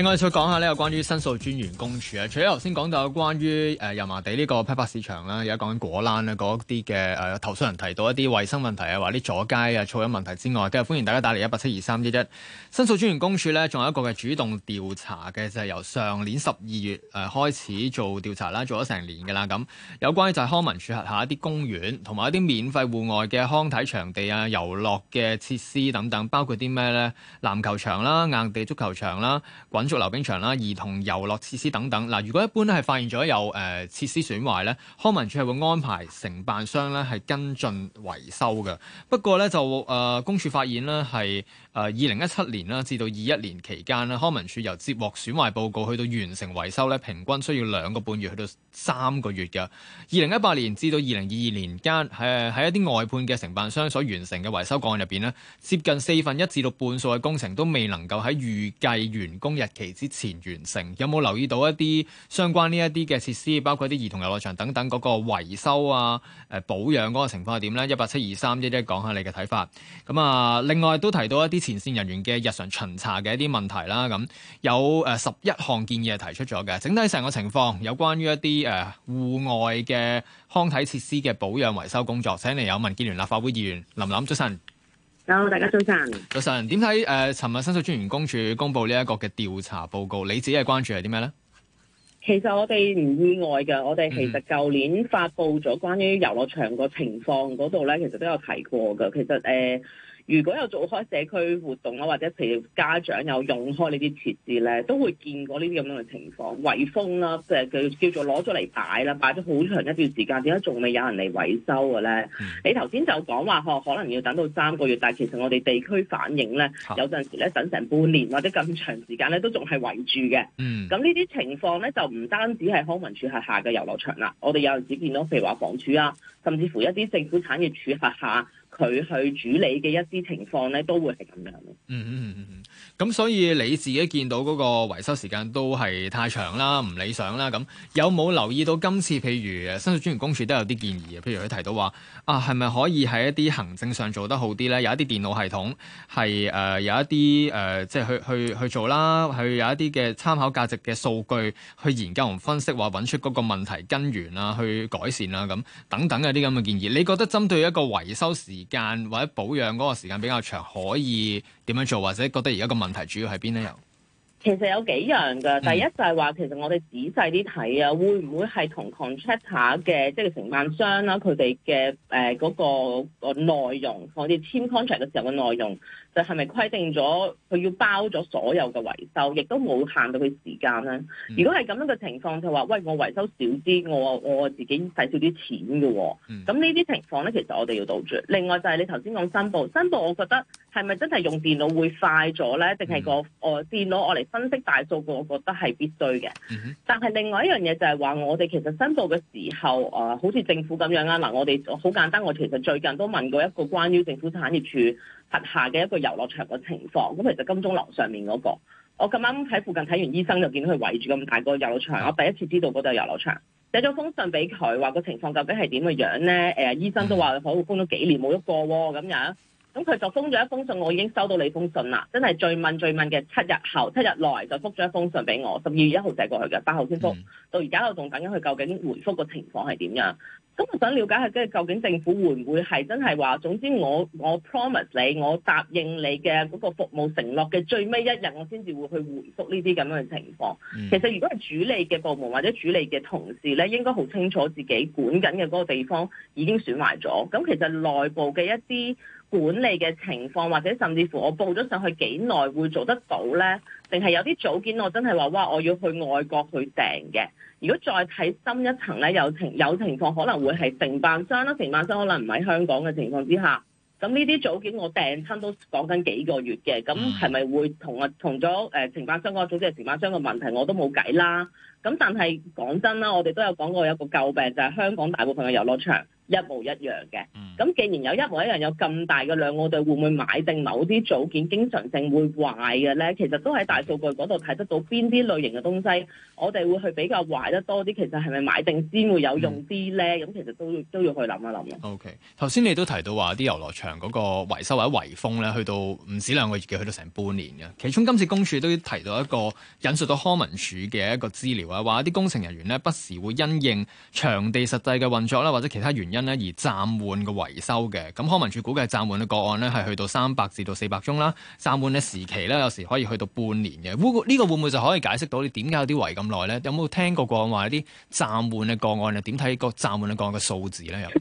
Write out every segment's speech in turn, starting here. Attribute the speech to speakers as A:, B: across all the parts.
A: 另外再講下呢，有關於申訴專員公署啊。除咗頭先講到關於誒油麻地呢個批發市場啦，而家講緊果欄咧嗰啲嘅誒投訴人提到一啲衞生問題啊，話啲阻街啊、噪音問題之外，都係歡迎大家打嚟一八七二三一一申訴專員公署呢，仲有一個嘅主動調查嘅就係、是、由上年十二月誒、呃、開始做調查啦，做咗成年嘅啦咁。有關於就係康文署轄下一啲公園同埋一啲免費戶外嘅康體場地啊、遊樂嘅設施等等，包括啲咩呢？籃球場啦、硬地足球場啦、滾做溜冰場啦、兒童遊樂設施等等。嗱，如果一般咧係發現咗有誒設、呃、施損壞咧，康文署係會安排承辦商咧係跟進維修嘅。不過咧就誒、呃、公署發現呢係誒二零一七年啦至到二一年期間咧，康文署由接獲損壞報告去到完成維修咧，平均需要兩個半月去到三個月嘅。二零一八年至到二零二二年間，誒、呃、喺一啲外判嘅承辦商所完成嘅維修個案入邊呢，接近四分一至到半數嘅工程都未能夠喺預計完工日。期之前完成，有冇留意到一啲相關呢一啲嘅設施，包括啲兒童遊樂場等等嗰個維修啊、誒、呃、保養嗰個情況係點咧？1, 一八七二三一一講下你嘅睇法。咁啊，另外都提到一啲前線人員嘅日常巡查嘅一啲問題啦。咁有誒十一項建議係提出咗嘅，整體成個情況，有關於一啲誒戶外嘅康體設施嘅保養維修工作。請你有民建聯立法會議員林琳，早晨。
B: 大
A: 家早晨。早晨，點睇誒？尋、呃、日申訴專員公署公布呢一個嘅調查報告，你自己嘅關注係啲咩咧？
B: 其實我哋唔意外嘅，我哋其實舊年發布咗關於遊樂場個情況嗰度咧，其實都有提過噶。其實誒。呃如果有做開社區活動啦，或者譬如家長有用開呢啲設施，咧，都會見過呢啲咁樣嘅情況，圍封啦，即係佢叫做攞咗嚟擺啦，擺咗好長一段時間，點解仲未有人嚟維修嘅咧？嗯、你頭先就講話可能要等到三個月，但係其實我哋地區反應咧，啊、有陣時咧等成半年或者咁長時間咧，都仲係圍住嘅。嗯，咁呢啲情況咧就唔單止係康文署轄下嘅遊樂場啦，我哋有陣時見到譬如話房署啊，甚至乎一啲政府產業署轄下。佢
A: 去處理嘅一啲情況咧，都會係咁樣。嗯嗯嗯嗯，咁所以你自己見到嗰個維修時間都係太長啦，唔理想啦。咁有冇留意到今次譬如申訴專員公署都有啲建議啊？譬如佢提到話啊，係咪可以喺一啲行政上做得好啲咧？有一啲電腦系統係誒、呃、有一啲誒，即、呃、係、就是、去去去做啦，去有一啲嘅參考價值嘅數據去研究同分析，話揾出嗰個問題根源啊，去改善啦咁等等有啲咁嘅建議。你覺得針對一個維修時間間或者保養個時間比較長，可以點樣做？或者覺得而家個問題主要喺邊咧？又？
B: 其實有幾樣㗎，第一就係話其實我哋仔細啲睇啊，會唔會係同 contractor 嘅即係承辦商啦，佢哋嘅誒嗰個個內容，我哋簽 contract 嘅時候嘅內容，就係咪規定咗佢要包咗所有嘅維修，亦都冇限到佢時間咧？如果係咁樣嘅情況，就話喂，我維修少啲，我我自己使少啲錢嘅喎。咁呢啲情況咧，其實我哋要杜絕。另外就係你頭先講申報，申報我覺得。係咪真係用電腦會快咗呢？定係個誒電腦我嚟分析大數據，我覺得係必須嘅。嗯、哼但係另外一樣嘢就係話，我哋其實申訴嘅時候，誒、呃，好似政府咁樣啊。嗱、呃，我哋好簡單，我其實最近都問過一個關於政府產業處轄下嘅一個遊樂場嘅情況。咁其實金鐘樓上面嗰、那個，我咁啱喺附近睇完醫生，就見到佢圍住咁大個遊樂場。嗯、我第一次知道嗰度係遊樂場，寫咗封信畀佢，話個情況究竟係點嘅樣呢？誒、呃，醫生都話火攻咗幾年冇一個喎，咁、呃、樣。嗯咁佢就封咗一封信，我已經收到你封信啦。真係最問最問嘅七日後七日內就覆咗一封信俾我。十二月一號寫過去嘅，八號先覆，嗯、到而家都仲等緊佢究竟回覆個情況係點樣。咁我想了解下，即係究竟政府會唔會係真係話，總之我我 promise 你，我答應你嘅嗰個服務承諾嘅最尾一日，我先至會去回覆呢啲咁樣嘅情況。嗯、其實如果係主理嘅部門或者主理嘅同事咧，應該好清楚自己管緊嘅嗰個地方已經損壞咗。咁其實內部嘅一啲。管理嘅情況，或者甚至乎我報咗上去幾耐會做得到呢？定係有啲組件我真係話哇，我要去外國去訂嘅。如果再睇深一層呢，有情有情況可能會係承辦商啦，承辦商可能唔喺香港嘅情況之下，咁呢啲組件我訂親都講緊幾個月嘅，咁係咪會同啊同咗誒、呃、承辦商嗰組即係承辦商嘅問題我都冇計啦。咁但係講真啦，我哋都有講過有一個詬病就係、是、香港大部分嘅遊樂場。一模一樣嘅，咁既然有一模一樣有咁大嘅量，我哋會唔會買定某啲組件經常性會壞嘅咧？其實都喺大數據嗰度睇得到邊啲類型嘅東西，我哋會去比較壞得多啲。其實係咪買定先會有用啲咧？咁、嗯、其實都要都要去諗一諗咯。OK，
A: 頭先你都提到話啲遊樂場嗰個維修或者圍封咧，去到唔止兩個月嘅，去到成半年嘅。其中今次公署都提到一個引述到康文署嘅一個資料啊，話啲工程人員呢，不時會因應場地實際嘅運作啦，或者其他原因。而暫緩個維修嘅，咁康文署估計暫緩嘅個案呢，係去到三百至到四百宗啦，暫緩嘅時期呢，有時可以去到半年嘅。呢個會唔會就可以解釋到你點解有啲維咁耐呢？有冇聽過講話啲暫緩嘅個案啊？點睇個暫緩嘅個案嘅數字咧？又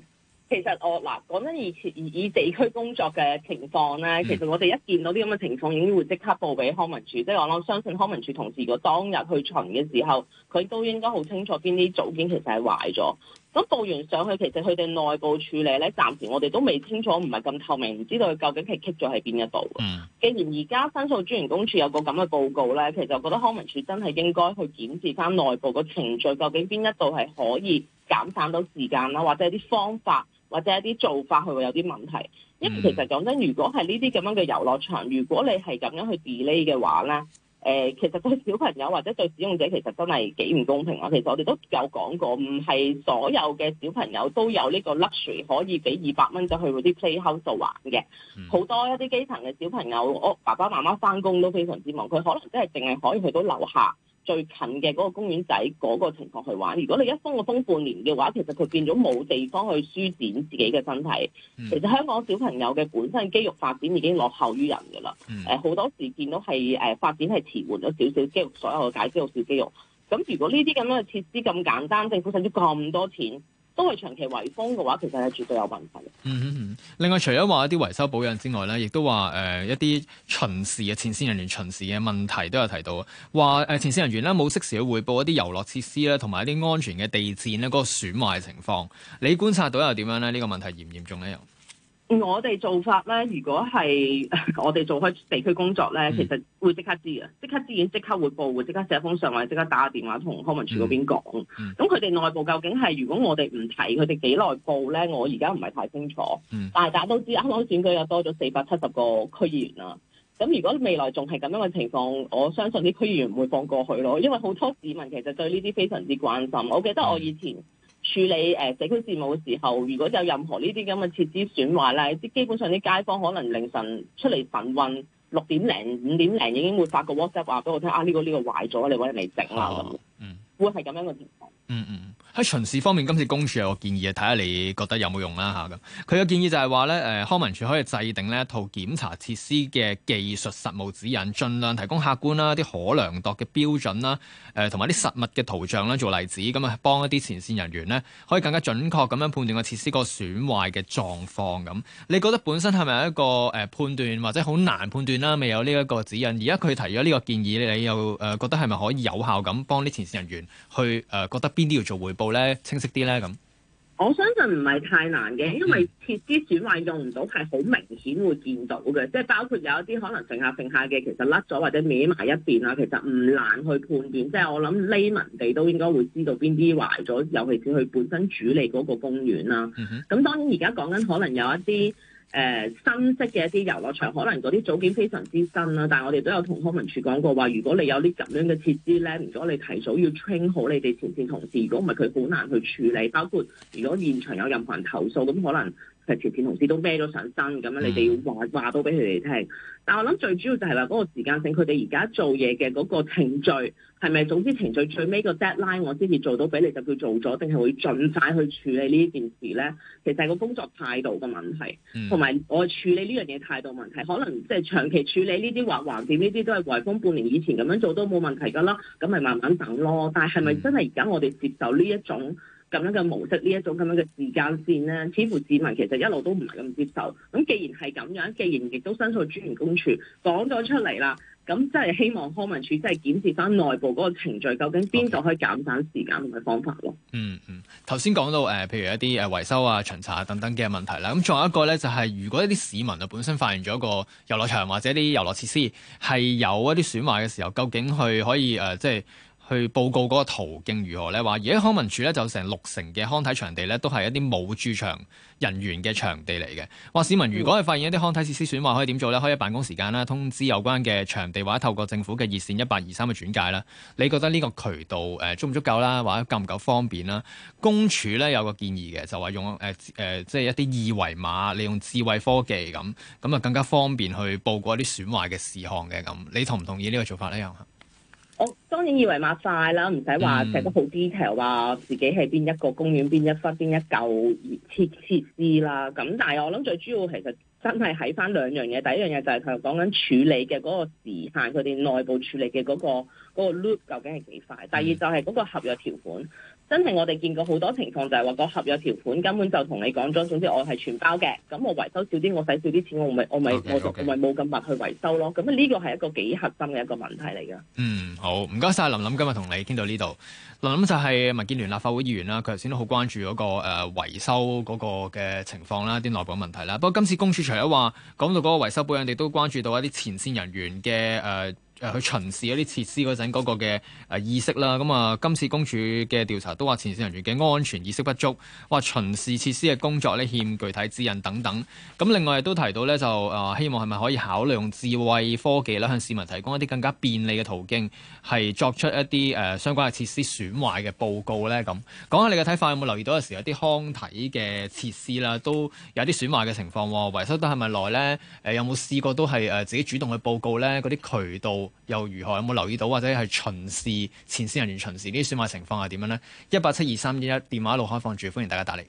B: 其實我嗱講緊以前以地區工作嘅情況呢，其實我哋一見到啲咁嘅情況，已經會即刻報俾康文署。即係我相信康文署同事如果當日去巡嘅時候，佢都應該好清楚邊啲組件其實係壞咗。咁報完上去，其實佢哋內部處理咧，暫時我哋都未清楚，唔係咁透明，唔知道佢究竟係棘咗喺邊一度嘅。Mm hmm. 既然而家申訴專員公署有個咁嘅報告咧，其實我覺得康文署真係應該去檢視翻內部個程序，究竟邊一度係可以減省到時間啦，或者係啲方法，或者係啲做法佢會有啲問題。Mm hmm. 因為其實講真，如果係呢啲咁樣嘅遊樂場，如果你係咁樣去 delay 嘅話咧。誒，其實對小朋友或者對使用者其實真係幾唔公平啊。其實我哋都有講過，唔係所有嘅小朋友都有呢個 luxury 可以俾二百蚊就去嗰啲 playhouse 度玩嘅。嗯。好多一啲基層嘅小朋友，我爸爸媽媽返工都非常之忙，佢可能真係淨係可以去到樓下，最近嘅嗰個公園仔嗰、嗰個情況去玩，如果你一封個封半年嘅話，其實佢變咗冇地方去舒展自己嘅身體。Mm. 其實香港小朋友嘅本身肌肉發展已經落後於人㗎啦。誒好、mm. 呃、多時見到係誒發展係遲緩咗少少肌肉，所有嘅解肌肉。少，少肌肉。咁如果呢啲咁樣嘅設施咁簡單，政府使咗咁多錢。都係長期維修
A: 嘅話，其實係絕對有問題。嗯嗯嗯。另外，除咗話一啲維修保養之外咧，亦都話誒、呃、一啲巡視嘅前線人員巡視嘅問題都有提到，話誒、呃、前線人員咧冇即時去匯報一啲遊樂設施咧同埋一啲安全嘅地墊咧嗰個損壞情況。你觀察到又點樣咧？呢、這個問題嚴唔嚴重咧？又？
B: 我哋做法咧，如果係我哋做開地區工作咧， 其實會即刻知嘅，即刻知完即刻會報，會即刻寫封信或者即刻打個電話同康文署嗰邊講。咁佢哋內部究竟係如果我哋唔提佢哋幾耐報咧，我而家唔係太清楚。 但係大家都知，香港選舉又多咗四百七十個區議員啦。咁如果未來仲係咁樣嘅情況，我相信啲區議員唔會放過去咯，因為好多市民其實對呢啲非常之關心。我記得我以前 處理誒社區事務嘅時候，如果有任何呢啲咁嘅設施損壞咧，啲基本上啲街坊可能凌晨出嚟晨運，六點零、五點零已經會發個 WhatsApp 話俾我聽，啊呢、呢個呢、呢個壞咗，你揾人嚟整啦咁，嗯，會係咁樣嘅情況，嗯嗯。
A: 喺巡視方面，今次公署有個建議啊，睇下你覺得有冇用啦嚇咁。佢嘅建議就係話咧，誒康文署可以制定咧一套檢查設施嘅技術實務指引，盡量提供客觀啦、啲可量度嘅標準啦，誒同埋啲實物嘅圖像啦做例子，咁啊幫一啲前線人員呢，可以更加準確咁樣判斷個設施個損壞嘅狀況咁。你覺得本身係咪一個誒判斷或者好難判斷啦？未有呢一個指引，而家佢提咗呢個建議，你又誒覺得係咪可以有效咁幫啲前線人員去誒覺得邊啲要做匯報？咧清晰啲咧咁，
B: 我相信唔係太難嘅，因為設施損壞用唔到係好明顯會見到嘅，即係包括有一啲可能剩下剩下嘅，其實甩咗或者歪埋一邊啦，其實唔難去判斷。即係我諗匿 a y 民地都應該會知道邊啲壞咗，尤其是佢本身處理嗰個公園啦。咁、嗯、哼當然而家講緊可能有一啲。誒、呃、新式嘅一啲遊樂場，可能嗰啲組件非常之新啦、啊，但係我哋都有同康文署講過話，如果你有啲咁樣嘅設施咧，如果你提早要 train 好你哋前線同事，如果唔係，佢好難去處理。包括如果現場有任何人投訴，咁可能。係前線同事都孭咗上身咁樣，你哋要話話到俾佢哋聽。但係我諗最主要就係話嗰個時間性，佢哋而家做嘢嘅嗰個程序係咪總之程序最尾個 deadline 我先至做到俾你就叫做咗，定係會盡快去處理呢件事咧？其實係個工作態度嘅問題，同埋我處理呢樣嘢態度問題，可能即係長期處理呢啲或橫掂呢啲都係圍封半年以前咁樣做都冇問題噶啦，咁咪慢慢等咯。但係係咪真係而家我哋接受呢一種？咁樣嘅模式，呢一種咁樣嘅時間線咧，似乎市民其實一路都唔係咁接受。咁既然係咁樣，既然亦都申訴專員公署講咗出嚟啦，咁即係希望康文署即係檢視翻內部嗰個程序，究竟邊度可以減省時間同埋方法咯、嗯。嗯嗯，
A: 頭先講到誒，譬如一啲誒維修啊、巡查啊等等嘅問題啦。咁仲有一個咧、就係，就係如果一啲市民啊本身發現咗個遊樂場或者啲遊樂設施係有一啲損壞嘅時候，究竟佢可以誒、呃、即係？去報告嗰個途徑如何咧？話而家康文署咧，就成六成嘅康體場地咧，都係一啲冇駐場人員嘅場地嚟嘅。話市民如果係發現一啲康體設施損壞，可以點做咧？可以喺辦公時間啦，通知有關嘅場地，或者透過政府嘅熱線一八二三嘅轉介啦。你覺得呢個渠道誒、呃、足唔足夠啦？或者夠唔夠方便啦？公署咧有個建議嘅，就話用誒誒、呃呃，即係一啲二維碼，利用智慧科技咁，咁啊更加方便去報告一啲損壞嘅事項嘅咁。你同唔同意呢個做法咧？
B: 我當然以為抹快啦，唔使話寫得好 detail 啊，自己係邊一個公園、邊一忽、邊一嚿設設施啦。咁但係我諗最主要其實真係喺翻兩樣嘢，第一樣嘢就係佢講緊處理嘅嗰個時限，佢哋內部處理嘅嗰個嗰個 loop 究竟係幾快。第二就係嗰個合約條款。真係我哋見過好多情況，就係話個合約條款根本就同你講咗。總之我係全包嘅，咁我維修少啲，我使少啲錢，我咪我咪 Okay, okay. 我咪冇咁密去維修咯。咁呢個係一個幾核心嘅一個問題嚟
A: 嘅。嗯，好，唔該晒。林琳今日同你傾到呢度。林琳就係民建聯立法會議員啦，佢頭先都好關注嗰、那個誒、呃、維修嗰個嘅情況啦，啲、那個、內部問題啦。不過今次公署除咗話講到嗰個維修保養，本人哋都關注到一啲前線人員嘅誒。呃誒去、呃、巡視一啲設施嗰陣，嗰個嘅誒意識啦，咁、嗯、啊今次公署嘅調查都話前線人員嘅安全意識不足，話巡視設施嘅工作呢欠具體指引等等。咁、嗯、另外亦都提到呢，就誒、呃、希望係咪可以考慮用智慧科技啦，向市民提供一啲更加便利嘅途徑，係作出一啲誒、呃、相關嘅設施損壞嘅報告呢。咁，講下你嘅睇法，有冇留意到有時有啲康體嘅設施啦，都有啲損壞嘅情況喎，維修得係咪耐呢？誒有冇試過都係誒自己主動去報告呢嗰啲渠道？又如何？有冇留意到或者係巡視前線人員巡視呢啲損壞情況係點樣呢？一八七二三一一電話一路開放住，歡迎大家打嚟。